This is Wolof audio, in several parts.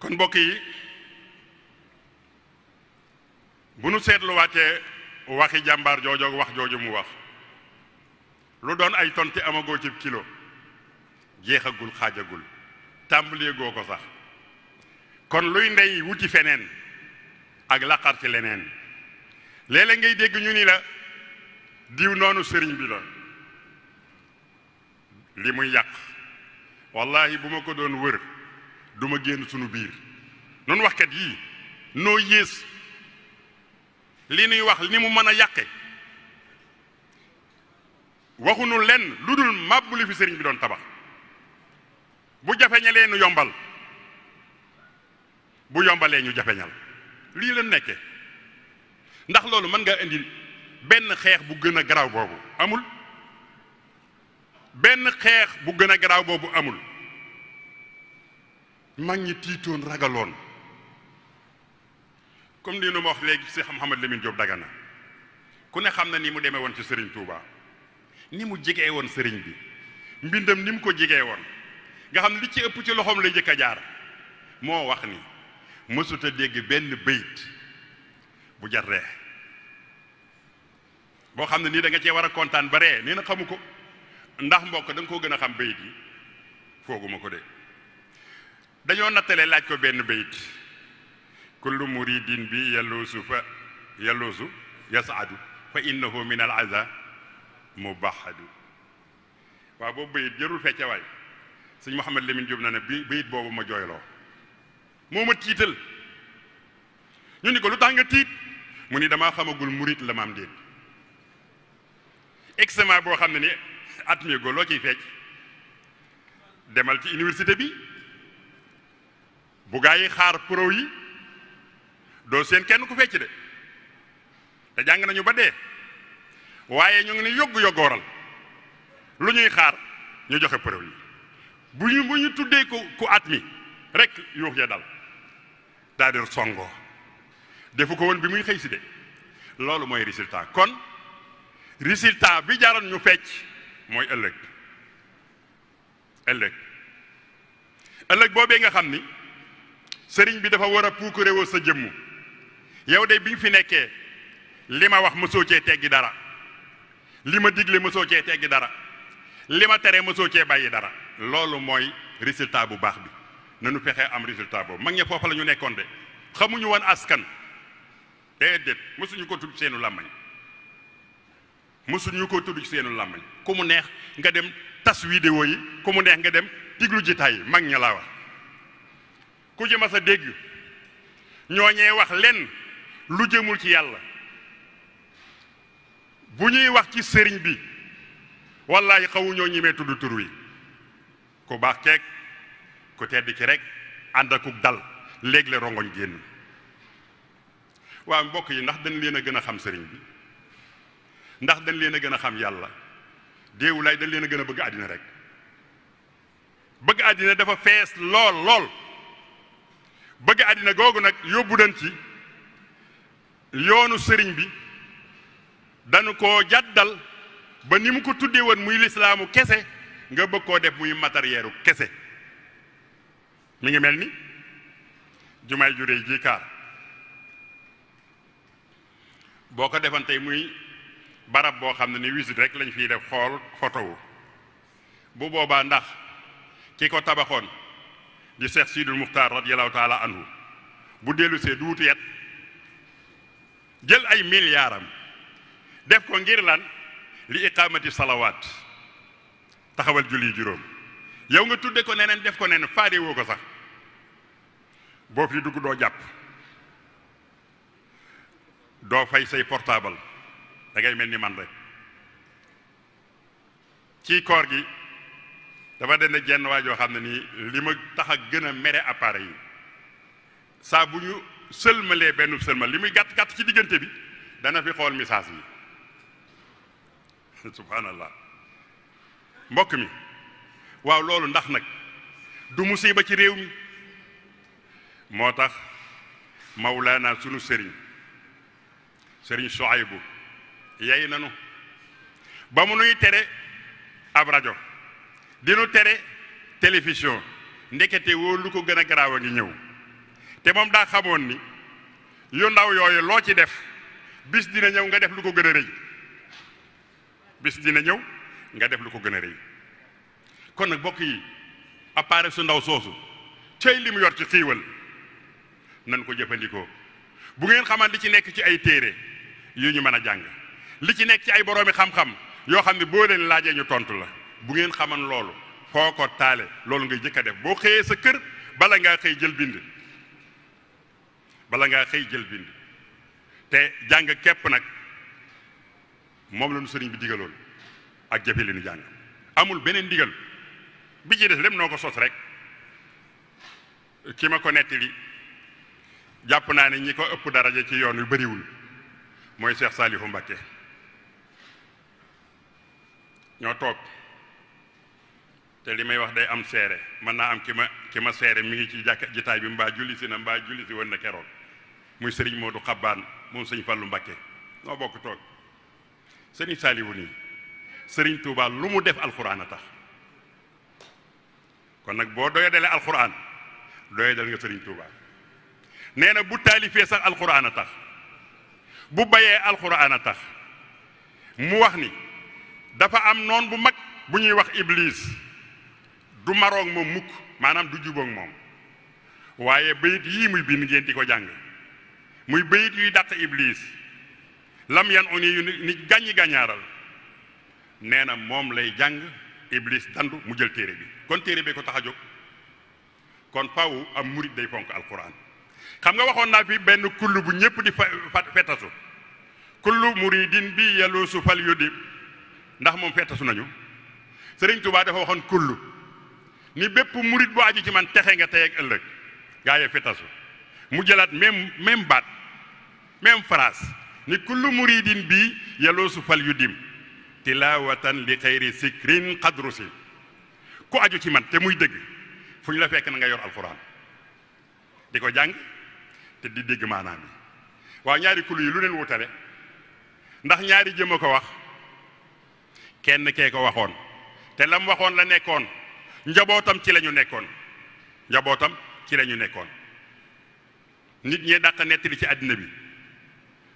kon mbokk yi bu nu seetluwaatee waxi jàmbaar joojoog wax jooju mu wax lu doon ay tonti amagoo ci kilo jeexagul xaajagul tàmbalee goo ko sax kon luy ndey wuti feneen ak laqar ci leneen léeg-léeg ngay dégg ñu ni la diw noonu sëriñ bi la li muy yàq wallahi bu ma ko doon wër du ma génn sunu biir nun waxkat yii noo yées li nuy wax ni mu mën a yàqe waxunu lenn lu dul màbbu li fi sëriñ bi doon tabax bu jafeñalee nu yombal bu yombalee ñu jafeñal lii la nekke ndax loolu mën nga indi benn xeex bu gën a garaaw boobu amul benn xeex bu gën a garaaw boobu amul mag ñi tiitoon ragaloon comme ni nu ma wax léegi Cheikh Mouhamed Lamine Diop Dagana ku ne xam na nii mu demee woon ci Serigne Touba ni mu jegee woon sëriñ bi mbindam ni mu ko jegee woon nga xam ne li ci ëpp ci loxoom lay jëkk a jaar moo wax ni mësuta a dégg benn béyit bu jar ree boo xam ne nii danga nga cee war a kontaan bare ree nee na xamu ko ndax mbokk da koo gën a xam béyit yi fooguma ko de. dañoo nattalee laaj ko benn bayit kullu muridin bi yalloosu fa yalloosu yasaadu fa innahu min al aza mubahadu waaw boobu bayit jërul fecce waay sëñ Mouhamad Lamine Diop na ne bi bayit boobu ma jooyloo moo ma tiital ñu ni ko lu tax nga tiit mu ni damaa xamagul murit la maam déet examen boo xam ne ni at mi loo ciy fecc demal ci université bi bu gaa yi xaar pro yi doo seen kenn ku fecc de te jàng nañu ba dee waaye ñu ngi ne yogg yoggooral lu ñuy xaar ñu joxe pro yi bu ñu bu ñu tuddee ku ku at mi rekk yuux ya dal daa di songoo defu ko woon bi muy xëy si de loolu mooy résultat kon résultat bi jaroon ñu fecc mooy ëllëg ëllëg ëllëg boobee nga xam ni sëriñ bi dafa war a puukurewoo sa jëmm yow de bi nga fi nekkee li ma wax mosoo cee teggi dara li ma digle mosoo cee teggi dara li ma tere mosoo cee bàyyi dara loolu mooy résultat bu baax bi nanu fexee am résultat boobu mag ña foofa la ñu nekkoon de xamuñu woon askan déedéet mosuñu ko tudd seenu làmmañ mosuñu ko tudd seenu làmmañ ku mu neex nga dem tas vidéo yi ku mu neex nga dem diglu jitaay mag ña laa wax ku ci mas a dégg ñooñee wax lenn lu jëmul ci yàlla bu ñuy wax ci sëriñ bi wallaahi xawu ñoo ñimee tudd tur wi ku baax keeg ku tedd ci rekk ànd akuk dal léegi la rongoñ génn waaw mbokk yi ndax dañ leen a gën a xam sëriñ bi ndax dañ leen a gën a xam yàlla lay dañ leen a gën a bëgg àddina rek bëgg àddina dafa fees lool lool bëgg àddina googu nag yóbbu dan ci yoonu sëriñ bi dañu ko jàddal ba ni mu ko tuddee woon muy lislaamu kese nga bëgg koo def muy matérielu kese mu ngi mel ni jumaay ju réy ji kaar boo ko defan tey muy barab boo xam ne ni wisit rek lañ fiy def xool fotowu bu boobaa ndax ki ko tabaxoon di Seex Sidul Muxtaar radiyallahu taala bu dellusee du wuti yet jël ay miliyaaram def ko ngir lan li iqaamati salawaat taxawal julli juróom yow nga tudde ko neneen def ko neneen faade woo ko sax boo fi dugg doo jàpp doo fay say portaabal dangay mel ni man rek ci koor gi dafa dend jenn waajoo xam ne nii li ma tax a gën a mere appareil yi saa bu ñu sëlmalee benn sëlmal li muy gàtt-gàtt ci diggante bi dana fi xool message bi subhanallah mbokk mi waaw loolu ndax nag du musiba ci réew mi moo tax naa sunu sëriñ sëriñ Soaybu yey nanu ba mu nuy tere ab rajo dinu tere télévision ndekete woo lu ko gën a garaaw a ngi ñëw te moom daa xamoon ni yu ndaw yooyu loo ci def bis dina ñëw nga def lu ko gën a rëy bis dina ñëw nga def lu ko gën a rëy kon nag bokk yi appareil su ndaw soosu tey li yor ci xiiwal nan ko jëfandikoo bu ngeen xaman li ci nekk ci ay téere yu ñu mën a jàng li ci nekk ci ay boroomi xam-xam yoo xam ne boo leen laajee ñu tontu la bu ngeen xaman loolu foo ko taale loolu ngay jëkk a def boo xëyee sa kër bala ngaa xëy jël bind bala ngaa xëy jël bind te jàng képp nag moom la ñu sëriñ bi digaloon ak jëfe li ñu jàng amul beneen digal bi ci def lépp noo ko sos rek ki ma ko nettali jàpp naa ne ñi ko ëpp daraja ci yoon yu bariwul mooy Cheikh Saliou Mbacké ñoo toog te li may wax day am seere mën naa am ki ma ki ma seere mi ngi ci jàkka jitaay bi mbaa julli si na mbaa julli si woon na keroog muy sëriñ Modou Xabbaan moom sëñ Fallu Mbàkke noo bokk toog sëriñ Saaliwu nii sëriñ Tuubaa lu mu def alxuraan a tax kon nag boo doya dalee alxuraan doya dal nga sëriñ Tuubaa nee na bu taalifee sax alxuraan a tax bu bayee alxuraan a tax mu wax ni dafa am noon bu mag bu ñuy wax iblis du maroog moom mukk maanaam du juboog moom waaye bayit yii muy bind ngeen di ko jàng muy bayit yuy dàtt iblis lam yan oni yu ni gàññi gàññaaral nee na moom lay jàng iblis dandu mu jël téere bi kon téere bee ko tax a jóg kon faw am murit day fonk alquran xam nga waxoon naa fi benn kull bu ñépp di fetasu kullu muridin bi yaluusu fal yudib ndax moom fetasu nañu Sëriñ Tuubaa dafa waxoon kullu ni bépp murit bu aju ci man texe nga tey ak ëllëg gaa yee fi mu jëlaat même même baat même phrase ni kullu muridin bii yaloosu fal yu dim tilawatan li xayri sikrin xadrusin ku aju ci man te muy dëgg fu ñu la fekk na nga yor alxuraan di ko jàng te di dégg maanaam yi waaw ñaari kulu yi lu leen wutale ndax ñaari jëm a ko wax kenn kee ko waxoon te lam waxoon la nekkoon njabootam ci lañu nekkoon njabootam ci lañu nekkoon nit ñee dàq nettali ci àddina bi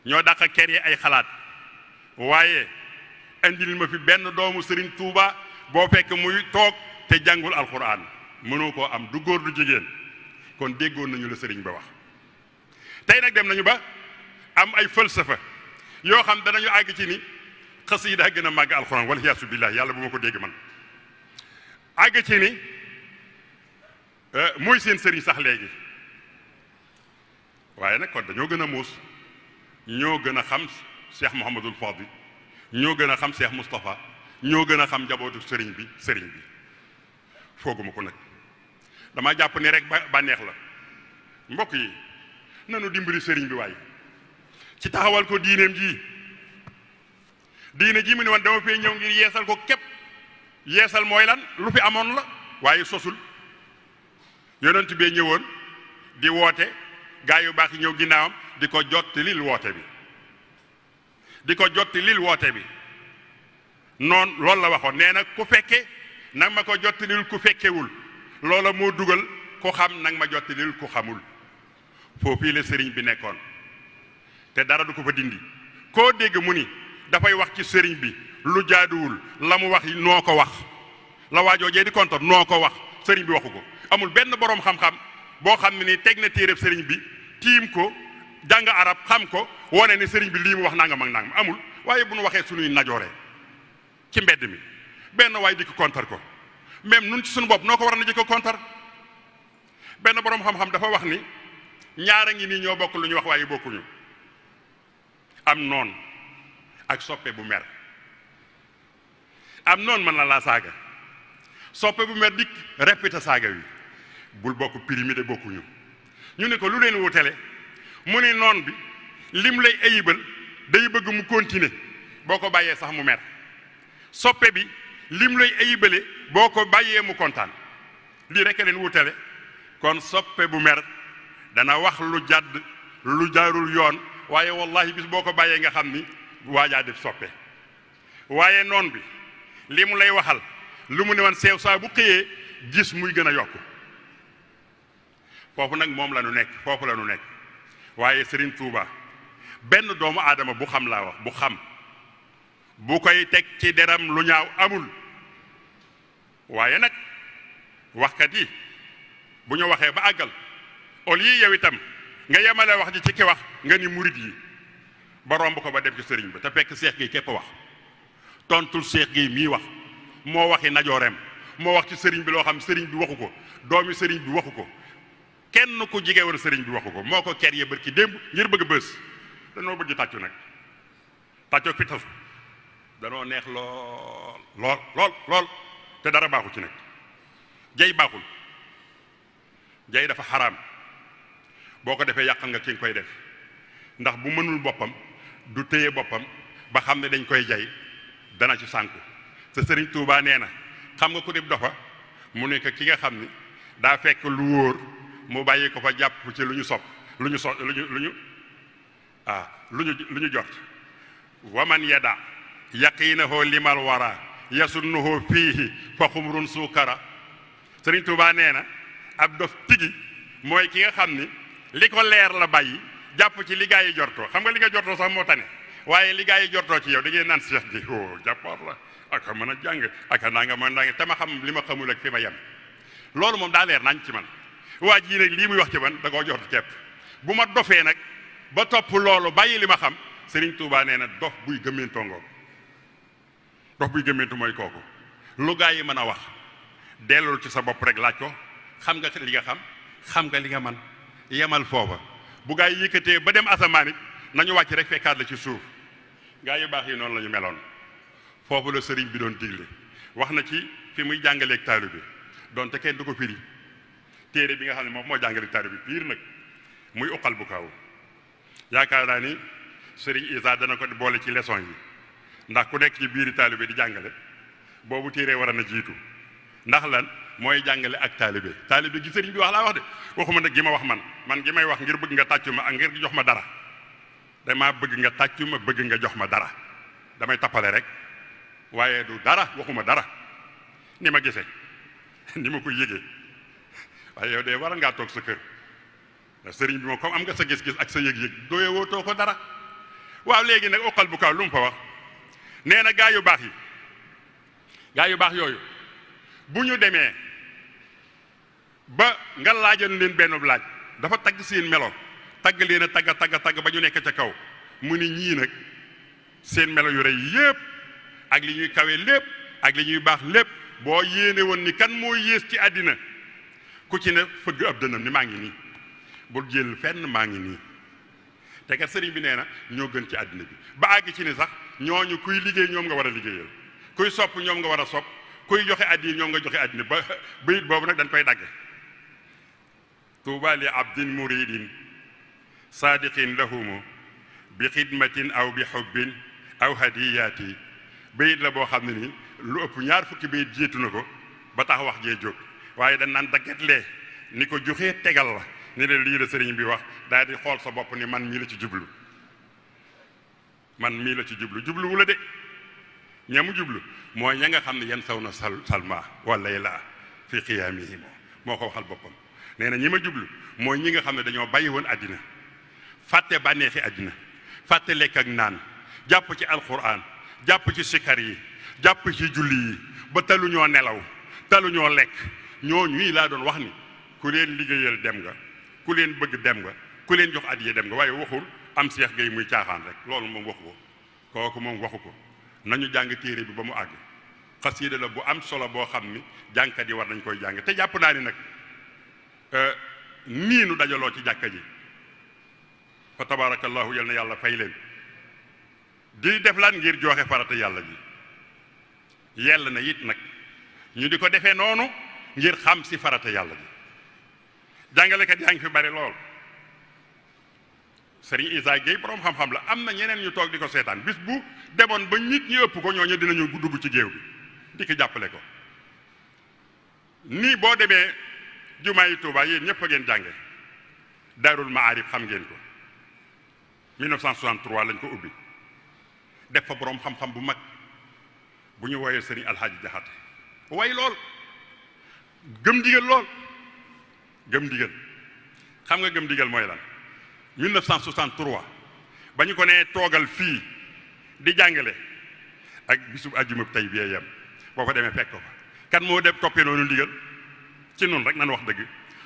ñoo dàq kër yi ay xalaat waaye indil ma fi benn doomu sëriñ tuuba boo fekk muy toog te jàngul alxuraan mënoo koo am du góor du jigéen kon déggoon nañu la sëriñ ba wax tey nag dem nañu ba am ay falsafa yoo xam danañu àgg ci ni xasiida gën a màgg alxuraan wala yaasu billaah yàlla bu ma ko dégg man àgg ci ni euh, mooy seen sëriñ sax léegi waaye nag kon dañoo gën a muus ñoo gën a xam Cheikh Mouhamadul Fadil ñoo gën a xam Cheikh Moustapha ñoo gën a xam njabootu sëriñ bi sëriñ bi fooguma ko nag dama jàpp ni rek bànneex la mbokk yi nanu dimbali sëriñ bi waaye ci taxawal ko diineem ji diine ji mu ne woon dama fee ñëw ngir yeesal ko képp yeesal mooy lan lu fi amoon la waaye sosul yonent bee ñëwoon di woote gaa yu baax yi ñëw ginnaawam di ko jotti woote bi di ko jotti lil woote bi noon loolu la waxoon nee na ku fekke nag ma ko jotti ku fekkewul loola moo dugal ku xam nag ma jotti lil ku xamul foofii la sëriñ bi nekkoon te dara du ko fa dindi koo dégg mu ni dafay wax ci sëriñ bi lu jaaduwul la mu wax noo ko wax la waajoojee di kontor noo ko wax sëriñ bi waxu ko amul benn boroom xam-xam boo xam ne ni teg na téereb sëriñ bi tiim ko jàng arab xam ko wane ne sëriñ bi lii mu wax naa nga nangam ak nangam amul waaye bu nu waxee suñuy najoore ci mbedd mi benn waay di ko ko même nun ci suñu bopp noo ko war na di ko kontar benn boroom xam-xam dafa wax ni ñaar a ngi nii ñoo bokk lu ñu wax waaye bokkuñu am noon ak soppe bu mer am noon mën na laa saaga soppe bu mer dikk répété saaga wi bul bokk primi de bokkuñu ñu ne ko lu leen wutale mu ne noon bi lim lay ayibal day bëgg mu continuer boo ko bàyyee sax mu mer soppe bi lim lay ayibale boo ko bàyyee mu kontaan lii rek leen wutale kon soppe bu mer dana wax lu jàdd lu jaarul yoon waaye wallahi bis boo ko bàyyee nga xam ni waajaa def soppe waaye noon bi li mu lay waxal lu mu ne woon seew saa bu xëyee gis muy gën a yokk foofu nag moom la nekk foofu la nu nekk waaye sëriñ Touba benn doomu aadama bu xam laa wax bu xam bu koy teg ci deram lu ñaaw amul waaye nag waxkat yi bu ñu waxee ba àggal au lieu yow itam nga yemale wax ji ci ki wax nga ni murit yi ba romb ko ba dem ci sëriñ ba te fekk seex gi képp wax tontul seex gi mii wax moo waxi najooreem moo wax ci sëriñ bi loo xam sëriñ bi waxu ko doomi sëriñ bi waxu ko kenn ku jige war sëriñ bi waxu ko moo ko ker ye bër ci démb ngir bëgg bës danoo bëgg tàccu nag tàccoo pitasu danoo neex lool lool lool te dara baaxu ci nag jay baaxul jay dafa xaraam boo ko defee yàqal nga ki nga koy def ndax bu mënul boppam du téye boppam ba xam ne dañ koy jay dana ci sànku te sëriñ Touba nee na xam nga ku dib dofa mu ne ki nga xam ni daa fekk lu wóor mu bàyyi ko fa jàpp ci lu ñu sopp lu ñu so lu ñu lu ñu ah lu ñu lu ñu jort waman yada yaqiinahoo limal wara yasunnuhoo fiihi fa xumrun suukara sëriñ Touba nee na ab dof tigi mooy ki nga xam ni li ko leer la bàyyi jàpp ci li gaa yi jorto xam nga li nga jortoo sax moo tane waaye li gaa yi jortoo ci yow da naan seex ji o jàppoor la ak a mën a jàng ak naa nga mën naa nga te ma xam li ma xamul ak fi ma yem loolu moom daa leer nañ ci man waa ji nag lii muy wax ci man da koo jortu kepp bu ma dofee nag ba topp loolu bàyyi li ma xam Serigne Touba nee na dof buy gëmmentoo ngoog dof buy gëmmentu mooy kooku lu gaa yi mën a wax dellul ci sa bopp rek laaj ko xam nga li nga xam xam li nga man yemal foofa bu gaa yi yëkkatee ba dem asamaan it nañu wàcc rek fekkaat la ci suuf gaa yu baax yi noonu la ñu meloon foofu la sëriñ bi doon digle wax na ci fi muy jàngaleeg taalu bi donte kenn du ko firi téere bi nga xam ne moom moo jàngaleeg taalu bi biir nag muy uqal bu kaw yaakaar naa ni sëriñ Isa dana ko boole ci leçon yi ndax ku nekk ci biiri taalu bi di jàngale boobu téere war na jiitu ndax la mooy jàngale ak taalibe taalibe gi sëriñ bi wax laa wax de waxuma ne gi ma wax man man gi may wax ngir bëgg nga tàccu ma ak ngir jox ma dara damaa bëgg nga tàccu ma bëgg nga jox ma dara damay tappale rek waaye du dara waxuma dara ni ma gise ni ma ko yëgee waaye yow de waral ngaa toog sa kër sëriñ bi moom comme am nga sa gis-gis ak sa yég yëg dooye wootoo ko dara waaw léegi nag oqal bu kaw lu mu fa wax nee na gaa yu baax yi gaa yu baax yooyu bu ñu demee ba nga laajoon leen benn laaj dafa tagg seen melo tagg leen a tagg tagg tagg ba ñu nekk ca kaw mu ni ñii nag seen melo yu rëy yépp ak li ñuy kawe lépp ak li ñuy baax lépp boo yéene woon ni kan moo yées ci àddina ku ci ne fëgg ab dënam ni maa ngi nii bu jël fenn maa ngi nii te kat sëriñ bi nee na ñoo gën ci àddina bi ba àgg ci ni sax ñooñu kuy liggéey ñoom nga war a liggéeyal kuy sopp ñoom nga war a sopp kuy joxe àddina ñoom nga joxe àddina ba bayit boobu nag dañ koy dagge tuuba li abdin muridin saadiqin lahumu bi xidmatin aw bi xubbin aw hadiyaati bayit la boo xam ne ni lu ëpp ñaar fukki bayit jiitu na ko ba tax wax jee jóg waaye dañ naan ni ko joxee tegal la ni la lii la sëriñ bi wax daal di xool sa bopp ni man mii la ci jublu man mii la ci jublu jublu wu la de ñamu jublu mooy ña nga xam ne yan saw na sal salma wala lay laa fi qiyaamihim moo ko waxal boppam nee na ñi ma jublu mooy ñi nga xam ne dañoo bàyyi woon àddina fàtte bànneexi àddina fàtte lekk ak naan jàpp ci alquran jàpp ci sikar yi jàpp ci julli yi ba taluñoo nelaw taluñoo lekk ñoo ñuy laa doon wax ni ku leen liggéeyal dem nga ku leen bëgg dem nga ku leen jox addiya dem nga waaye waxul am seex gay muy caaxaan rek loolu moom waxu ko kooku moom waxu ko nañu jàng téere bi ba mu àgg xasiida la bu am solo boo xam ni jàngkat yi war nañ koy jàng jàpp naa ni nag nii nu dajaloo ci jàkka ji fa tabarakallahu yàlla fay leen di def lan ngir joxe farata yàlla ji yell na it nag ñu di ko defee noonu ngir xam si farata yàlla ji jàngalekat yaa ngi fi bari lool Serigne Issa Gueye boroom xam-xam la am na ñeneen ñu toog di ko seetaan bis bu demoon ba nit ñi ëpp ko ñooñu dinañu dugg ci géew bi di jàppale ko nii boo demee jumaa yi Touba yéen ñëpp a ngeen jànge daarul maarif xam ngeen ko lañ ko ubbi def fa boroom xam-xam bu mag bu ñu wooyee sëriñ alxaaji jaxate way lool gëm ndigal lool gëm ndigal xam nga gëm ndigal mooy lan 1963 ba ñu ko nee toogal fii di jàngale ak bisub ajjuma tey bi yem boo ko demee fekk ko kan moo def toppee noonu ndigal ci noonu rek nanu wax dëgg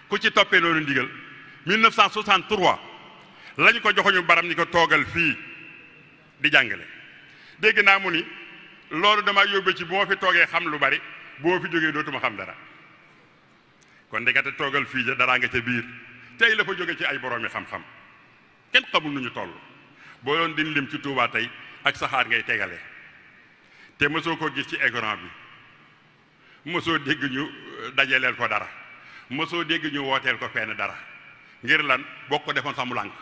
ku ci toppee loolu ndigal 1963 lañ ko joxoñu baram ni ko toogal fii di jàngale dégg naa mu ni loolu damaa yóbbe ci bu ma fi toogee xam lu bari bu ma fi jógee dootuma xam dara kon ndekete toogal fii ja daraa nga ca biir tey la fa jóge ci ay boroomi xam-xam kenn xamul nu ñu toll boo doon din lim ci tuubaa tey ak saxaar ngay tegale te mësoo ko gis ci écran bi mësoo dégg ñu dajaleel ko dara mosoo dégg ñu wooteel ko fenn dara ngir lan boo ko defoon samu lànk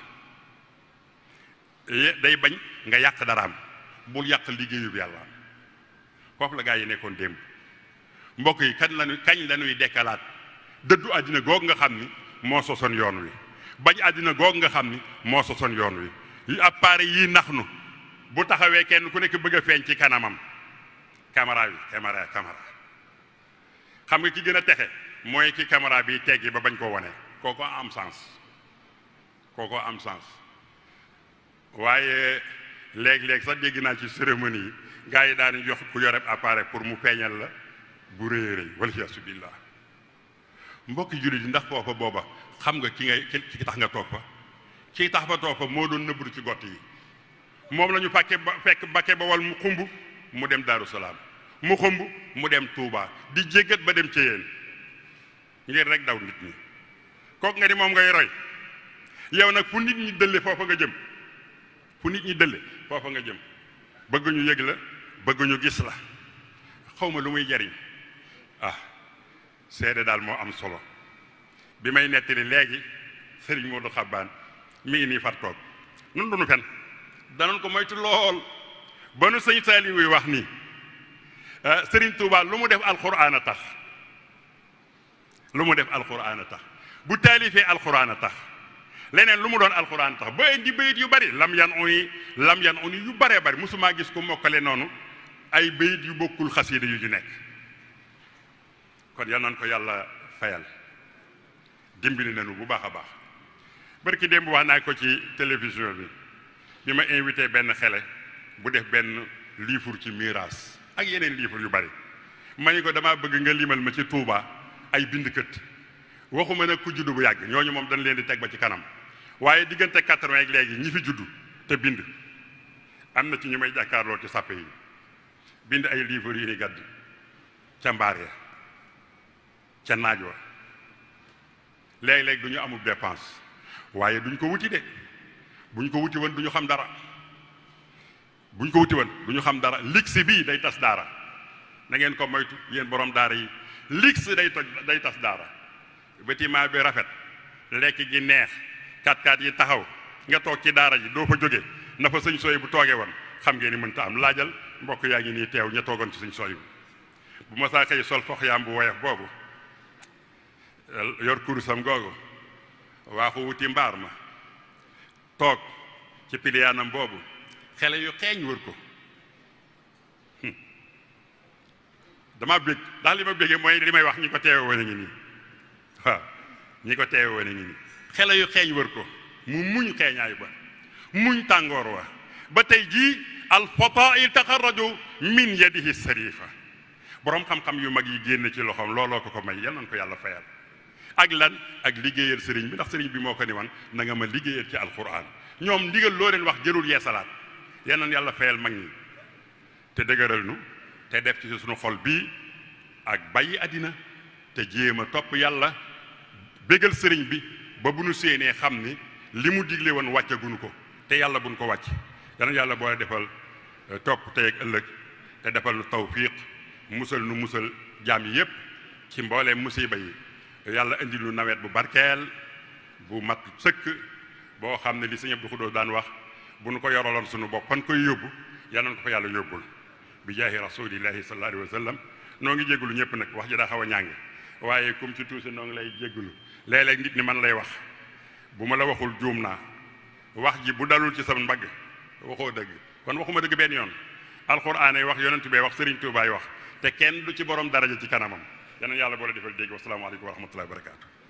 day bañ nga yàq daraam bul yàq liggéeyub yàlla foofu la gaa yi nekkoon démb mbokk yi kañ lañuy kañ lañuy dekkalaat dëddu àddina googu nga xam ni moo sosoon yoon wi bañ àddina googu nga xam ni moo sosoon yoon wi yi appareil yii nax nu bu taxawee kenn ku nekk bëgg a feeñ ci kanamam caméra bi caméra caméra xam nga ki gën a texe mooy ki caméra bi teggi ba bañ ko wone kooko am sens kooko am sens waaye léeg-léeg sax dégg naa ci cérémonie yi gars yi daan jox ku yoreb appareil pour mu feeñal la bu rëy rëy wala yaasu billah mbokki jullit yi ndax foofa booba xam nga ki ngay ki tax nga toog fa ki tax ba toog fa moo doon nëbbatu ci gott yi moom lañu ñu fàkke ba fekk bakke ba wal mu xumb mu dem daaru salaam mu xëmb mu dem Touba di jéggat ba dem ci yéen ngir rek daw nit ñi kooku nga ni moom ngay roy yow nag fu nit ñi dëlle foofa nga jëm fu nit ñi dëlle foofa nga jëm bëgg ñu yëg la bëgguñu gis la xawma lu muy jariñ ah seede daal moo am solo bi may nettali léegi sëriñ Modou Xabbaan mi ngi nii far toog nun duñu fen danoon ko moytu lool ba nu sëñ Saaliw wuy wax nii Ah, Serigne Touba lu mu def alquran a tax lu mu def alquran a tax bu taalifee alquran a tax leneen lu mu doon alquran tax ba indi bayit yu bari lam yan uyi lam yan uyi yu baree bari mosumaa gis ko mokkale noonu ay bayit yu bokkul xasiida yu ñu nekk kon yal nañ ko yàlla fayal dimbali nañu bu baax a baax barki démb wax naa ko ci télévision bi bi ma invité benn xele bu def benn livre ci miraas ak yeneen livre yu bari ma ni ko damaa bëgg nga limal ma ci Touba ay bindkët waxuma nag ku juddu bu yàgg ñooñu moom dañ leen di teg ba ci kanam waaye diggante quatre-vingt ak léegi ñi fi juddu te bind am na ci ñu may jàkkaarloo ci sàppe yi bind ay livre yu ni gàdd ca mbaar ca naaj wa léeg-léeg du ñu amul dépense waaye duñ ko wuti de buñ ko wuti woon du ñu xam dara buñ ko wuti woon bu ñu xam dara ligsi bii day tas daara na ngeen ko moytu yéen boroom daara yi ligsi day toj day tas daara bâtiment bi rafet lekk gi neex kat-kat yi taxaw nga toog ci daara ji doo fa jóge na fa sëñ sooy bu toogee woon xam ngeen ni mënta am laajal mbokk yaa ngi nii teew ña toogoon ci suñ sooy bu ma saa xëy sol fox yaam bu woyof boobu yor kurusam googu waaxu wuti mbaar ma toog ci piliyaanam boobu xele yu xeeñ wër ko hmm. dama bég daal li ma bégee mooy li may wax ñi ko teewe woon ngi nii ñi ko teewe woon a xele yu xeeñ wër ko mu muñ xeeñaay ba muñ tàngoor wa ba tey jii alfatail taxaraju min yadihi sarifa boroom xam-xam yu mag yi génn ci loxoom looloo ko ko may yal nañ ko yàlla fayal ak lan ak liggéeyal sëriñ bi ndax sëriñ bi moo ko ni wan na nga ma liggéeyal ci alquran ñoom ndigal loo leen wax jërul yeesalaat yeneen yàlla fayal mag ñi te dëgëral nu te def ci suñu xol bii ak bàyyi àddina te jéem a topp yàlla bégal sëriñ bi ba bu nu séenee xam ni li mu digle woon wàccaguñu ko te yàlla buñ ko wàcc yeneen yàlla boole defal eh, topp tey ak ëllëg te defal nu tawfiq musal nu musal jaam yépp ci mbooleem musiba yi yàlla indi lu nawet bu barkeel bu mat sëkk boo xam ne li sëñ Abdou Khoudous daan wax bu nu ko yoraloon suñu bopp fan koy yóbbu yal nañu ko fa yàlla yóbbul bi jaahi rasulillahi sallallahu alayhi wa sallam noo ngi jégalu ñëpp nag wax ji daa xaw a ñàngi waaye comme ci tuuti noon ngi lay jégalu léeg-léeg nit ni man lay wax bu ma la waxul juum naa wax ji bu dalul ci sa mbagg waxoo dëgg kon waxuma dëgg benn yoon alxuraan ay wax yonent bee wax Serigne Touba ay wax te kenn du ci borom daraja ci kanamam yeneen yàlla boole defal dégg wasalaamaaleykum wa rahmatullahi wa barakaatu